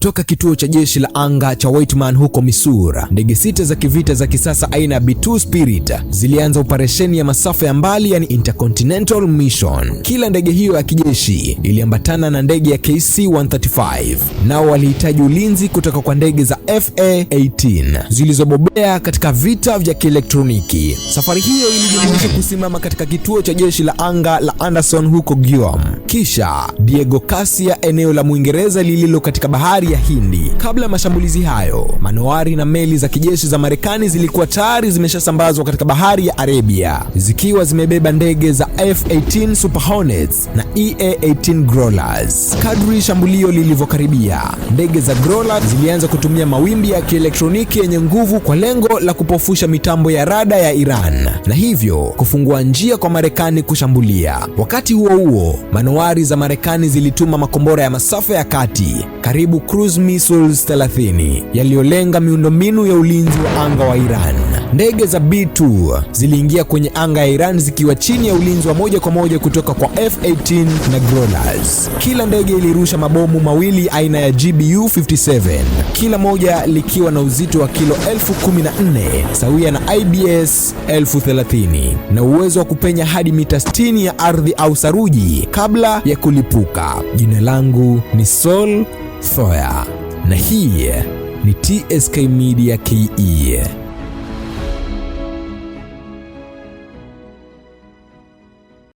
kutoka kituo cha jeshi la anga cha Whiteman huko Misura. Ndege sita za kivita za kisasa aina ya B2 Spirit zilianza operesheni ya masafa ya mbali, yani intercontinental mission. Kila ndege hiyo ya kijeshi iliambatana na ndege ya KC-135. Nao walihitaji ulinzi kutoka kwa ndege za FA-18 zilizobobea katika vita vya kielektroniki. Safari hiyo ilijumuisha kusimama katika kituo cha jeshi la anga la Anderson huko Guam, kisha Diego Garcia, eneo la Mwingereza lililo katika bahari ya Hindi. Kabla ya mashambulizi hayo, manowari na meli za kijeshi za Marekani zilikuwa tayari zimeshasambazwa katika bahari ya Arabia zikiwa zimebeba ndege za F-18 Super Hornets na EA-18 Growlers. Kadri shambulio lilivyokaribia, ndege za Growlers zilianza kutumia mawimbi ya kielektroniki yenye nguvu kwa lengo la kupofusha mitambo ya rada ya Iran na hivyo kufungua njia kwa Marekani kushambulia. Wakati huo huo, manowari za Marekani zilituma makombora ya masafa ya kati karibu cruise missiles 30 yaliyolenga miundombinu ya ulinzi wa anga wa Iran. Ndege za B2 ziliingia kwenye anga ya Iran zikiwa chini ya ulinzi wa moja kwa moja kutoka kwa F18 na Growlers. Kila ndege ilirusha mabomu mawili aina ya GBU 57, kila moja likiwa na uzito wa kilo elfu 14 sawia na IBS elfu 30 na uwezo wa kupenya hadi mita 60 ya ardhi au saruji kabla ya kulipuka. Jina langu ni Sol Thoya na hii ni TSK Media KE.